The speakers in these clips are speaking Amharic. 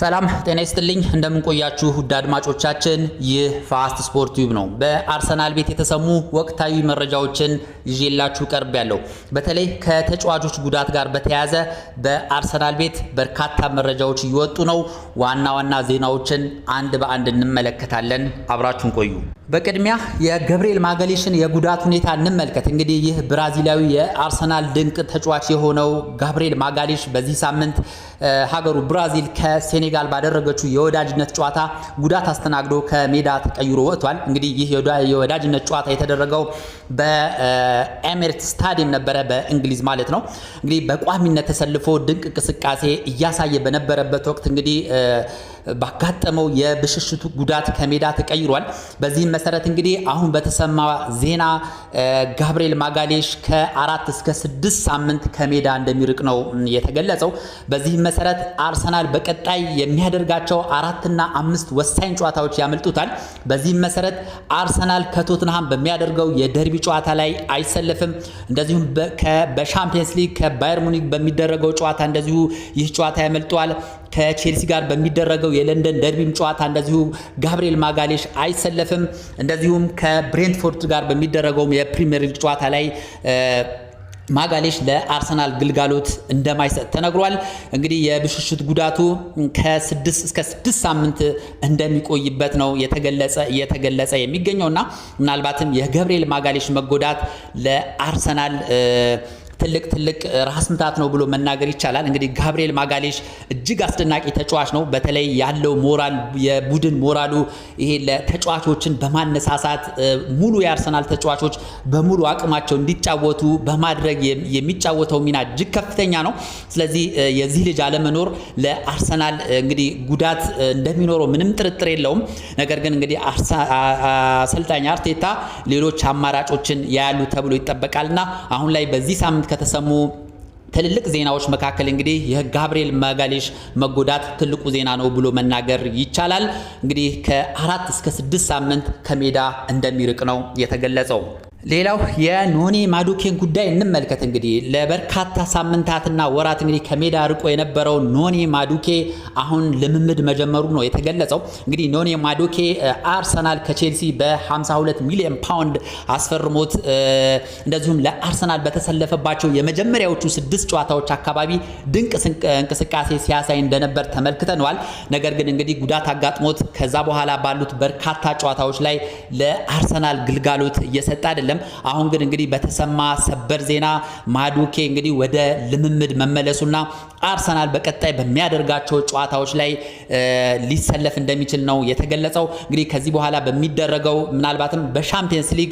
ሰላም ጤና ይስጥልኝ እንደምንቆያችሁ ውድ አድማጮቻችን፣ ይህ ፋስት ስፖርት ዩብ ነው። በአርሰናል ቤት የተሰሙ ወቅታዊ መረጃዎችን ይዤላችሁ ቀርብ ያለው በተለይ ከተጫዋቾች ጉዳት ጋር በተያያዘ በአርሰናል ቤት በርካታ መረጃዎች እየወጡ ነው። ዋና ዋና ዜናዎችን አንድ በአንድ እንመለከታለን። አብራችሁን ቆዩ። በቅድሚያ የገብርኤል ማገሌሽን የጉዳት ሁኔታ እንመልከት። እንግዲህ ይህ ብራዚላዊ የአርሰናል ድንቅ ተጫዋች የሆነው ጋብርኤል ማጋሌሽ በዚህ ሳምንት ሀገሩ ብራዚል ከሴኔጋል ባደረገችው የወዳጅነት ጨዋታ ጉዳት አስተናግዶ ከሜዳ ተቀይሮ ወጥቷል። እንግዲህ ይህ የወዳጅነት ጨዋታ የተደረገው በኤሜሬትስ ስታዲየም ነበረ፣ በእንግሊዝ ማለት ነው። እንግዲህ በቋሚነት ተሰልፎ ድንቅ እንቅስቃሴ እያሳየ በነበረበት ወቅት እንግዲህ ባጋጠመው የብሽሽቱ ጉዳት ከሜዳ ተቀይሯል። በዚህም መሰረት እንግዲህ አሁን በተሰማ ዜና ጋብርኤል ማጋሌሽ ከአራት እስከ ስድስት ሳምንት ከሜዳ እንደሚርቅ ነው የተገለጸው። በዚህም መሰረት አርሰናል በቀጣይ የሚያደርጋቸው አራትና አምስት ወሳኝ ጨዋታዎች ያመልጡታል። በዚህም መሰረት አርሰናል ከቶትንሃም በሚያደርገው የደርቢ ጨዋታ ላይ አይሰለፍም። እንደዚሁም በሻምፒየንስ ሊግ ከባየር ሙኒክ በሚደረገው ጨዋታ እንደዚሁ ይህ ጨዋታ ያመልጠዋል። ከቼልሲ ጋር በሚደረገው የለንደን ደርቢም ጨዋታ እንደዚሁ ጋብሪኤል ማጋሌሽ አይሰለፍም። እንደዚሁም ከብሬንትፎርድ ጋር በሚደረገውም የፕሪሚየር ሊግ ጨዋታ ላይ ማጋሌሽ ለአርሰናል ግልጋሎት እንደማይሰጥ ተነግሯል። እንግዲህ የብሽሽት ጉዳቱ ከስድስት እስከ ስድስት ሳምንት እንደሚቆይበት ነው የተገለጸ እየተገለጸ የሚገኘው እና ምናልባትም የገብርኤል ማጋሌሽ መጎዳት ለአርሰናል ትልቅ ትልቅ ራስ ምታት ነው ብሎ መናገር ይቻላል። እንግዲህ ጋብሪኤል ማጋሌሽ እጅግ አስደናቂ ተጫዋች ነው። በተለይ ያለው ሞራል፣ የቡድን ሞራሉ ይሄ ለተጫዋቾችን በማነሳሳት ሙሉ የአርሰናል ተጫዋቾች በሙሉ አቅማቸው እንዲጫወቱ በማድረግ የሚጫወተው ሚና እጅግ ከፍተኛ ነው። ስለዚህ የዚህ ልጅ አለመኖር ለአርሰናል እንግዲህ ጉዳት እንደሚኖረው ምንም ጥርጥር የለውም። ነገር ግን እንግዲህ አሰልጣኝ አርቴታ ሌሎች አማራጮችን ያያሉ ተብሎ ይጠበቃልና አሁን ላይ በዚህ ሳምንት ከተሰሙ ትልልቅ ዜናዎች መካከል እንግዲህ የጋብሪኤል ማጋሌሽ መጎዳት ትልቁ ዜና ነው ብሎ መናገር ይቻላል። እንግዲህ ከአራት እስከ ስድስት ሳምንት ከሜዳ እንደሚርቅ ነው የተገለጸው። ሌላው የኖኒ ማዱኬን ጉዳይ እንመልከት። እንግዲህ ለበርካታ ሳምንታትና ወራት እንግዲህ ከሜዳ ርቆ የነበረው ኖኒ ማዱኬ አሁን ልምምድ መጀመሩ ነው የተገለጸው። እንግዲህ ኖኒ ማዱኬ አርሰናል ከቼልሲ በ52 ሚሊዮን ፓውንድ አስፈርሞት እንደዚሁም ለአርሰናል በተሰለፈባቸው የመጀመሪያዎቹ ስድስት ጨዋታዎች አካባቢ ድንቅ እንቅስቃሴ ሲያሳይ እንደነበር ተመልክተነዋል። ነገር ግን እንግዲህ ጉዳት አጋጥሞት ከዛ በኋላ ባሉት በርካታ ጨዋታዎች ላይ ለአርሰናል ግልጋሎት እየሰጠ አይደለም። አይደለም። አሁን ግን እንግዲህ በተሰማ ሰበር ዜና ማዱኬ እንግዲህ ወደ ልምምድ መመለሱና አርሰናል በቀጣይ በሚያደርጋቸው ጨዋታዎች ላይ ሊሰለፍ እንደሚችል ነው የተገለጸው። እንግዲህ ከዚህ በኋላ በሚደረገው ምናልባትም በሻምፒየንስ ሊግ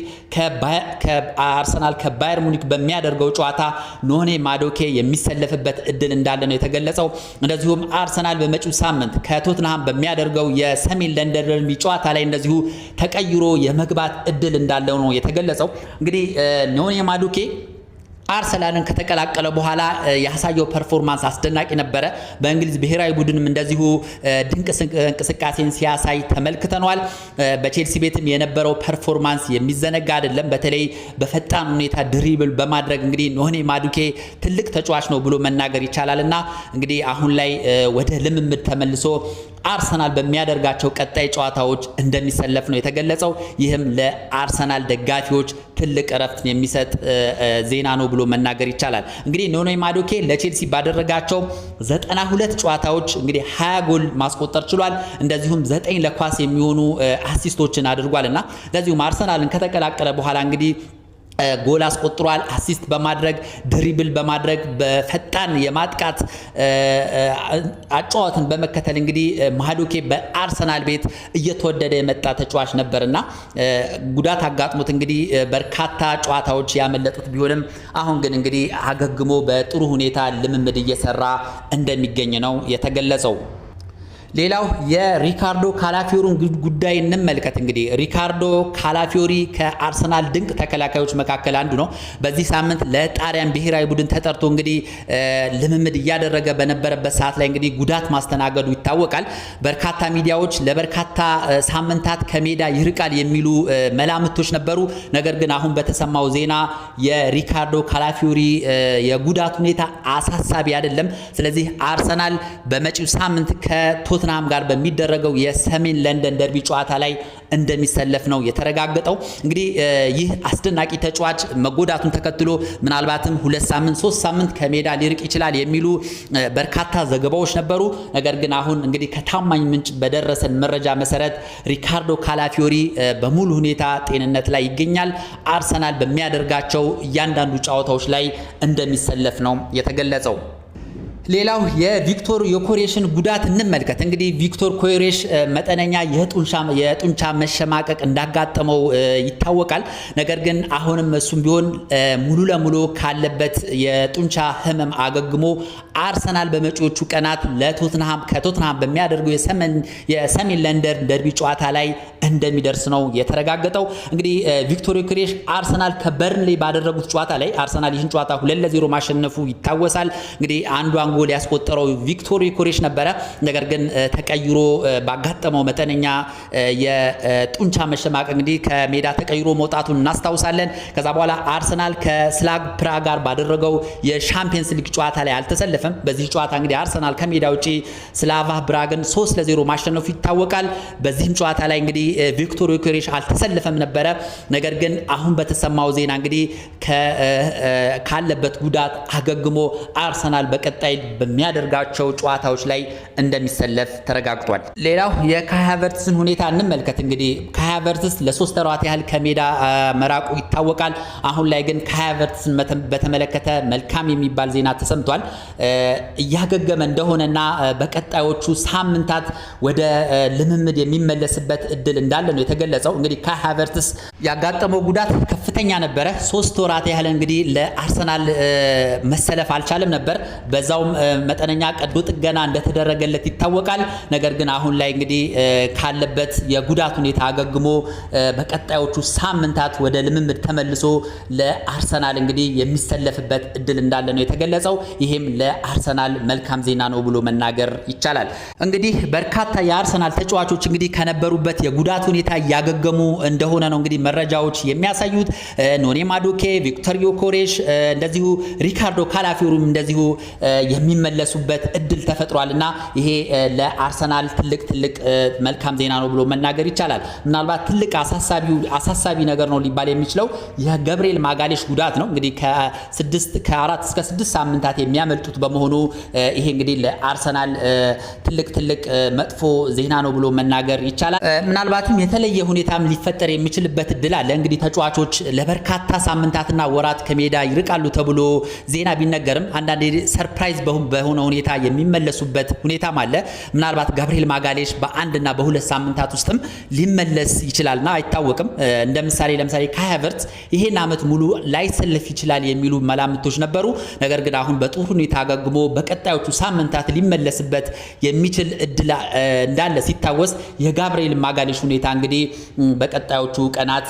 አርሰናል ከባየር ሙኒክ በሚያደርገው ጨዋታ ኖኔ ማዶኬ የሚሰለፍበት እድል እንዳለ ነው የተገለጸው። እንደዚሁም አርሰናል በመጪው ሳምንት ከቶትንሃም በሚያደርገው የሰሜን ለንደን ደርቢ ጨዋታ ላይ እንደዚሁ ተቀይሮ የመግባት እድል እንዳለው ነው የተገለጸው። እንግዲህ ኖኒ ማዱኬ አርሰናልን ከተቀላቀለ በኋላ ያሳየው ፐርፎርማንስ አስደናቂ ነበረ። በእንግሊዝ ብሔራዊ ቡድንም እንደዚሁ ድንቅ እንቅስቃሴን ሲያሳይ ተመልክተነዋል። በቼልሲ ቤትም የነበረው ፐርፎርማንስ የሚዘነጋ አይደለም። በተለይ በፈጣን ሁኔታ ድሪብል በማድረግ እንግዲህ ኖኒ ማዱኬ ትልቅ ተጫዋች ነው ብሎ መናገር ይቻላል እና እንግዲህ አሁን ላይ ወደ ልምምድ ተመልሶ አርሰናል በሚያደርጋቸው ቀጣይ ጨዋታዎች እንደሚሰለፍ ነው የተገለጸው። ይህም ለአርሰናል ደጋፊዎች ትልቅ እረፍት የሚሰጥ ዜና ነው ብሎ መናገር ይቻላል። እንግዲህ ኖኖ ማዶኬ ለቼልሲ ባደረጋቸው ዘጠና ሁለት ጨዋታዎች እንግዲህ 20 ጎል ማስቆጠር ችሏል። እንደዚሁም ዘጠኝ ለኳስ የሚሆኑ አሲስቶችን አድርጓል እና እንደዚሁም አርሰናልን ከተቀላቀለ በኋላ እንግዲህ ጎል አስቆጥሯል። አሲስት በማድረግ ድሪብል በማድረግ በፈጣን የማጥቃት አጫዋትን በመከተል እንግዲህ ማዱኬ በአርሰናል ቤት እየተወደደ የመጣ ተጫዋች ነበር እና ጉዳት አጋጥሞት እንግዲህ በርካታ ጨዋታዎች ያመለጡት ቢሆንም አሁን ግን እንግዲህ አገግሞ በጥሩ ሁኔታ ልምምድ እየሰራ እንደሚገኝ ነው የተገለጸው። ሌላው የሪካርዶ ካላፊዮሪን ጉዳይ እንመልከት። እንግዲህ ሪካርዶ ካላፊዮሪ ከአርሰናል ድንቅ ተከላካዮች መካከል አንዱ ነው። በዚህ ሳምንት ለጣሪያን ብሔራዊ ቡድን ተጠርቶ እንግዲህ ልምምድ እያደረገ በነበረበት ሰዓት ላይ እንግዲህ ጉዳት ማስተናገዱ ይታወቃል። በርካታ ሚዲያዎች ለበርካታ ሳምንታት ከሜዳ ይርቃል የሚሉ መላምቶች ነበሩ። ነገር ግን አሁን በተሰማው ዜና የሪካርዶ ካላፊዮሪ የጉዳት ሁኔታ አሳሳቢ አይደለም። ስለዚህ አርሰናል በመጪው ሳምንት ከቶ ከቶትናም ጋር በሚደረገው የሰሜን ለንደን ደርቢ ጨዋታ ላይ እንደሚሰለፍ ነው የተረጋገጠው። እንግዲህ ይህ አስደናቂ ተጫዋች መጎዳቱን ተከትሎ ምናልባትም ሁለት ሳምንት ሶስት ሳምንት ከሜዳ ሊርቅ ይችላል የሚሉ በርካታ ዘገባዎች ነበሩ። ነገር ግን አሁን እንግዲህ ከታማኝ ምንጭ በደረሰን መረጃ መሰረት ሪካርዶ ካላፊዮሪ በሙሉ ሁኔታ ጤንነት ላይ ይገኛል። አርሰናል በሚያደርጋቸው እያንዳንዱ ጨዋታዎች ላይ እንደሚሰለፍ ነው የተገለጸው። ሌላው የቪክቶር የኮሬሽን ጉዳት እንመልከት። እንግዲህ ቪክቶር ኮሬሽ መጠነኛ የጡንቻ መሸማቀቅ እንዳጋጠመው ይታወቃል። ነገር ግን አሁንም እሱም ቢሆን ሙሉ ለሙሉ ካለበት የጡንቻ ህመም አገግሞ አርሰናል በመጪዎቹ ቀናት ለቶትንሃም ከቶትንሃም በሚያደርገው የሰሜን ለንደን ደርቢ ጨዋታ ላይ እንደሚደርስ ነው የተረጋገጠው። እንግዲህ ቪክቶሪ ክሬሽ አርሰናል ከበርንሌ ባደረጉት ጨዋታ ላይ አርሰናል ይህን ጨዋታ ሁለት ለዜሮ ማሸነፉ ይታወሳል። እንግዲህ አንዷን ጎል ያስቆጠረው ቪክቶሪ ኩሬሽ ነበረ። ነገር ግን ተቀይሮ ባጋጠመው መጠነኛ የጡንቻ መሸማቅ እንግዲህ ከሜዳ ተቀይሮ መውጣቱን እናስታውሳለን። ከዛ በኋላ አርሰናል ከስላግ ፕራ ጋር ባደረገው የሻምፒየንስ ሊግ ጨዋታ ላይ አልተሰለፈም። አልተሸነፈም። በዚህ ጨዋታ እንግዲህ አርሰናል ከሜዳ ውጪ ስላቫ ብራግን 3 ለ0 ማሸነፉ ይታወቃል። በዚህም ጨዋታ ላይ እንግዲህ ቪክቶር ዮኬሬሽ አልተሰለፈም ነበረ። ነገር ግን አሁን በተሰማው ዜና እንግዲህ ካለበት ጉዳት አገግሞ አርሰናል በቀጣይ በሚያደርጋቸው ጨዋታዎች ላይ እንደሚሰለፍ ተረጋግጧል። ሌላው የካይ ሃቨርትስን ሁኔታ እንመልከት። እንግዲህ ካይ ሃቨርትስ ለሶስት ተሯት ያህል ከሜዳ መራቁ ይታወቃል። አሁን ላይ ግን ካይ ሃቨርትስን በተመለከተ መልካም የሚባል ዜና ተሰምቷል። እያገገመ እንደሆነና በቀጣዮቹ ሳምንታት ወደ ልምምድ የሚመለስበት እድል እንዳለ ነው የተገለጸው። እንግዲህ ካይ ሃቨርትስ ያጋጠመው ጉዳት ከፍተኛ ነበረ። ሶስት ወራት ያህል እንግዲህ ለአርሰናል መሰለፍ አልቻለም ነበር። በዛውም መጠነኛ ቀዶ ጥገና እንደተደረገለት ይታወቃል። ነገር ግን አሁን ላይ እንግዲህ ካለበት የጉዳት ሁኔታ አገግሞ በቀጣዮቹ ሳምንታት ወደ ልምምድ ተመልሶ ለአርሰናል እንግዲህ የሚሰለፍበት እድል እንዳለ ነው የተገለጸው ይሄም ለአርሰናል መልካም ዜና ነው ብሎ መናገር ይቻላል። እንግዲህ በርካታ የአርሰናል ተጫዋቾች እንግዲህ ከነበሩበት የጉዳት ሁኔታ እያገገሙ እንደሆነ ነው እንግዲህ መረጃዎች የሚያሳዩት። ኖኔ ማዶኬ፣ ቪክቶር ዮኬሬሽ እንደዚሁ ሪካርዶ ካላፊሩም እንደዚሁ የሚመለሱበት እድል ተፈጥሯል እና ይሄ ለአርሰናል ትልቅ ትልቅ መልካም ዜና ነው ብሎ መናገር ይቻላል። ምናልባት ትልቅ አሳሳቢ ነገር ነው ሊባል የሚችለው የገብርኤል ማጋሌሽ ጉዳት ነው እንግዲህ ከአራት እስከ ስድስት ሳምንታት የሚያመልጡት በመሆኑ ይሄ እንግዲህ ለአርሰናል ትልቅ ትልቅ መጥፎ ዜና ነው ብሎ መናገር ይቻላል። ምናልባትም የተለየ ሁኔታም ሊፈጠር የሚችልበት እድል አለ። እንግዲህ ተጫዋቾች ለበርካታ ሳምንታትና ወራት ከሜዳ ይርቃሉ ተብሎ ዜና ቢነገርም አንዳንዴ ሰርፕራይዝ በሆነ ሁኔታ የሚመለሱበት ሁኔታም አለ። ምናልባት ጋብርኤል ማጋሌሽ በአንድና በሁለት ሳምንታት ውስጥም ሊመለስ ይችላልና አይታወቅም። እንደ ምሳሌ ለምሳሌ ካይ ይሄን ዓመት ሙሉ ላይሰለፍ ይችላል የሚሉ መላምቶች ነበሩ። ነገር ግን አሁን በጥሩ ሁኔታ ተገምግሞ በቀጣዮቹ ሳምንታት ሊመለስበት የሚችል እድል እንዳለ ሲታወስ የጋብርኤል ማጋሌሽ ሁኔታ እንግዲህ በቀጣዮቹ ቀናት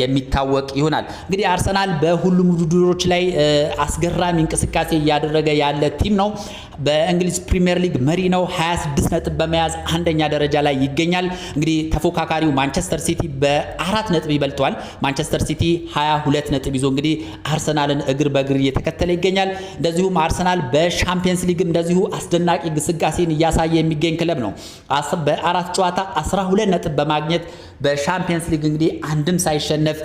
የሚታወቅ ይሆናል። እንግዲህ አርሰናል በሁሉም ውድድሮች ላይ አስገራሚ እንቅስቃሴ እያደረገ ያለ ቲም ነው። በእንግሊዝ ፕሪምየር ሊግ መሪ ነው። 26 ነጥብ በመያዝ አንደኛ ደረጃ ላይ ይገኛል። እንግዲህ ተፎካካሪው ማንቸስተር ሲቲ በአራት ነጥብ ይበልጠዋል። ማንቸስተር ሲቲ 22 ነጥብ ይዞ እንግዲህ አርሰናልን እግር በእግር እየተከተለ ይገኛል። እንደዚሁም አርሰናል በ በሻምፒየንስ ሊግ እንደዚሁ አስደናቂ ግስጋሴን እያሳየ የሚገኝ ክለብ ነው። በአራት ጨዋታ 12 ነጥብ በማግኘት በሻምፒየንስ ሊግ እንግዲህ አንድም ሳይሸነፍ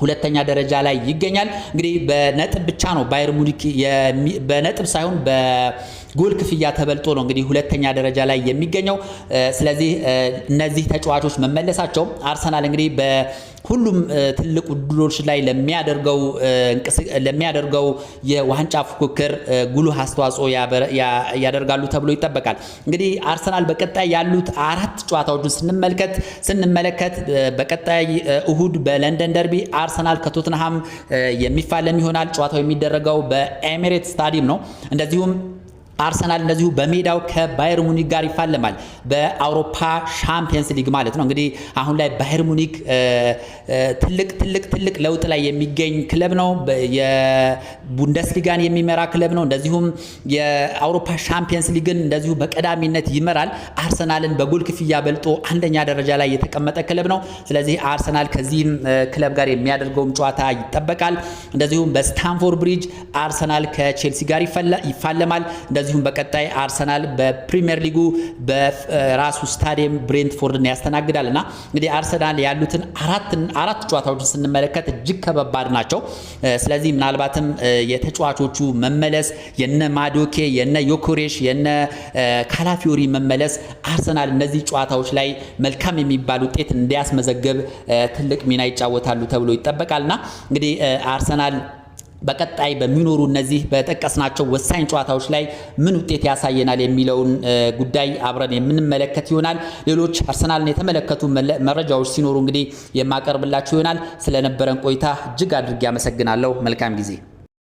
ሁለተኛ ደረጃ ላይ ይገኛል። እንግዲህ በነጥብ ብቻ ነው ባየር ሙኒክ በነጥብ ሳይሆን ጎል ክፍያ ተበልጦ ነው እንግዲህ ሁለተኛ ደረጃ ላይ የሚገኘው። ስለዚህ እነዚህ ተጫዋቾች መመለሳቸው አርሰናል እንግዲህ በሁሉም ትልቅ ውድድሮች ላይ ለሚያደርገው ለሚያደርገው የዋንጫ ፉክክር ጉልህ አስተዋጽኦ ያደርጋሉ ተብሎ ይጠበቃል። እንግዲህ አርሰናል በቀጣይ ያሉት አራት ጨዋታዎችን ስንመልከት ስንመለከት በቀጣይ እሁድ በለንደን ደርቢ አርሰናል ከቶትንሃም የሚፋለም ይሆናል። ጨዋታው የሚደረገው በኤሚሬት ስታዲየም ነው። እንደዚሁም አርሰናል እንደዚሁ በሜዳው ከባየር ሙኒክ ጋር ይፋለማል። በአውሮፓ ሻምፒየንስ ሊግ ማለት ነው። እንግዲህ አሁን ላይ ባየር ሙኒክ ትልቅ ትልቅ ትልቅ ለውጥ ላይ የሚገኝ ክለብ ነው። የቡንደስሊጋን የሚመራ ክለብ ነው። እንደዚሁም የአውሮፓ ሻምፒየንስ ሊግን እንደዚሁ በቀዳሚነት ይመራል። አርሰናልን በጎል ክፍያ በልጦ አንደኛ ደረጃ ላይ የተቀመጠ ክለብ ነው። ስለዚህ አርሰናል ከዚህም ክለብ ጋር የሚያደርገውም ጨዋታ ይጠበቃል። እንደዚሁም በስታንፎርድ ብሪጅ አርሰናል ከቼልሲ ጋር ይፋለማል። እንደዚሁም በቀጣይ አርሰናል በፕሪሚየር ሊጉ በራሱ ስታዲየም ብሬንትፎርድን ያስተናግዳል እና እንግዲህ አርሰናል ያሉትን አራት ጨዋታዎችን ስንመለከት እጅግ ከባባድ ናቸው። ስለዚህ ምናልባትም የተጫዋቾቹ መመለስ የነ ማዶኬ፣ የነ ዮኮሬሽ፣ የነ ካላፊዮሪ መመለስ አርሰናል እነዚህ ጨዋታዎች ላይ መልካም የሚባል ውጤት እንዲያስመዘግብ ትልቅ ሚና ይጫወታሉ ተብሎ ይጠበቃልና እንግዲህ አርሰናል በቀጣይ በሚኖሩ እነዚህ በጠቀስናቸው ወሳኝ ጨዋታዎች ላይ ምን ውጤት ያሳየናል የሚለውን ጉዳይ አብረን የምንመለከት ይሆናል። ሌሎች አርሰናልን የተመለከቱ መረጃዎች ሲኖሩ እንግዲህ የማቀርብላችሁ ይሆናል። ስለነበረን ቆይታ እጅግ አድርጌ አመሰግናለሁ። መልካም ጊዜ